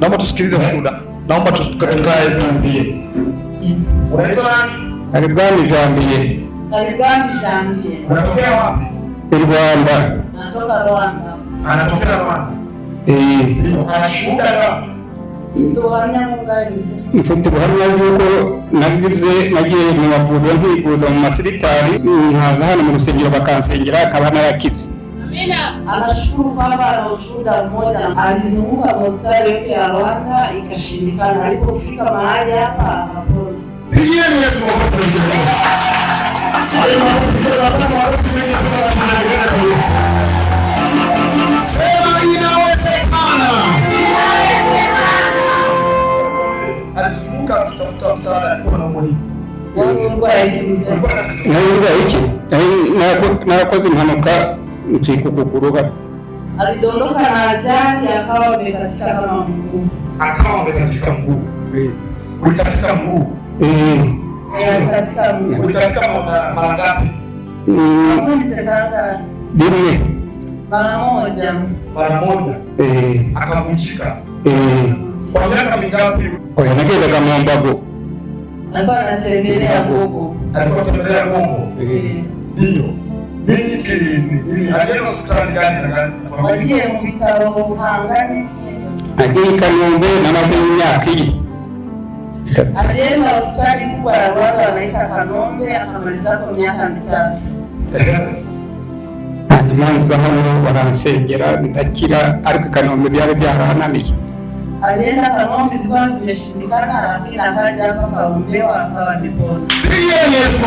Naomba tusikilize ushuhuda. Naomba tukatae tuambie. Unaitwa nani? Karibu gani tuambie. Karibu gani tuambie. Unatokea wapi? Rwanda. Anatoka Rwanda. Anatokea eh. Rwanda. Eh. Anashuhuda wapi? mfite ubuhamya bw'uko nagize nagiye mu mavuriro nkivuza mu masibitari nkaza hano mu rusengero bakansengera akaba narakize Anashukuru kwamba na ushuhuda mmoja, alizunguka hospitali yote ya Rwanda ikashindikana, alipofika mahali hapa akapona. Pigieni inawezekana. na kwa naungwa iki nchi kukupuruka. Alidondoka na ajali akawa amekatika kama mguu, akawa amekatika mguu. Eh. Ulikatika mguu? Eh. Eh, Ulikatika mara ngapi? Dimwe mara moja, mara moja. Akavunjika kwa miaka mingapi? Nakienda kama mbago alikuwa anatembelea Gongo, alikuwa anatembelea Gongo, ndio ninyi kilini i Kanombe namaze imyaka ine alienda hospitali kubwa ya Rwanda wanaita Kanombe akamaliza kwa miaka mitatu hanyuma nza hano baransengera ndakira ariko Kanombe byari byarahananiye alienda Kanombe kwa vimeshindikana lakini akaja hapa Kaombewa akawa amepona Yesu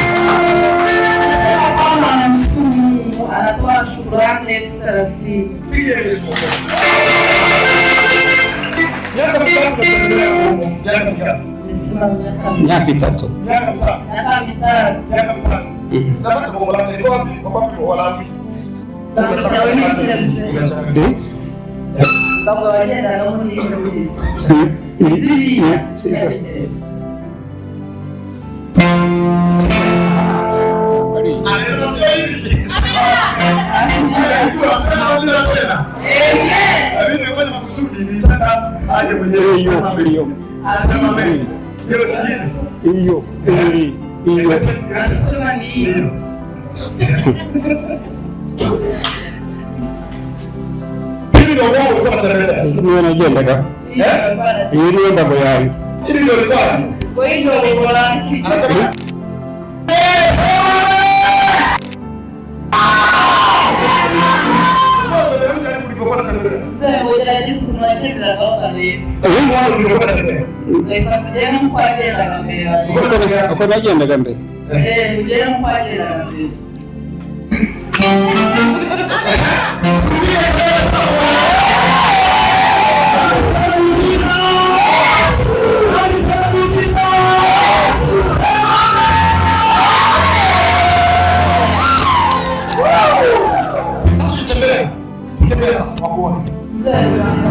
wa shukrani elfu thelathini. Miaka mitatu tena. Amen. Mimi nimefanya makusudi, nilitaka aje Sema Hiyo. Hiyo. Nasema ndio lengo langu. Anasema eh? kwagendaga mbere Thank you.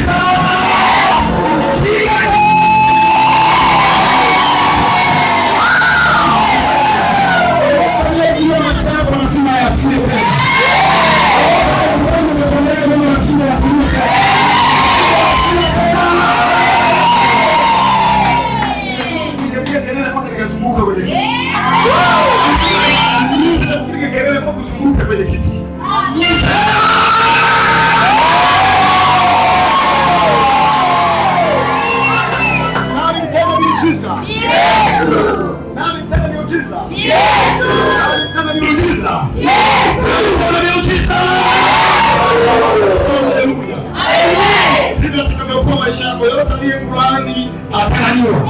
mpaka nikazunguka kwenye kiti, piga kelele mpaka kuzunguka kwenye kiti. Ndivyo atakavyokuwa maisha yako yote, aliye kulaani atalaaniwa.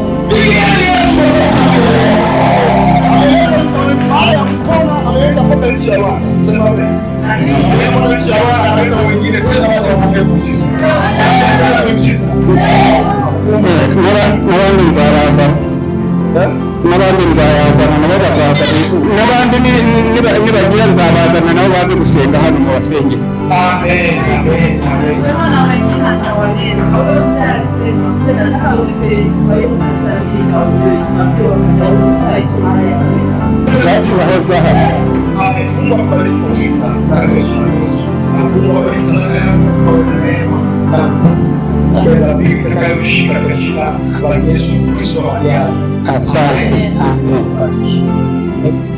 wengine tena waje wapokee muujiza. Muujiza. Nabandi nzayaza nabandi nzayazana nabo batazana nabandi nibagira nzabazana nabo baze gusenga hano mu basengero. Amen. Amen. Amen. alguma coisa acreditamos, alguma coisa problema, alguma coisa bíblica que eu estou acreditando, para isso, isso é aliado. Amém. Amém.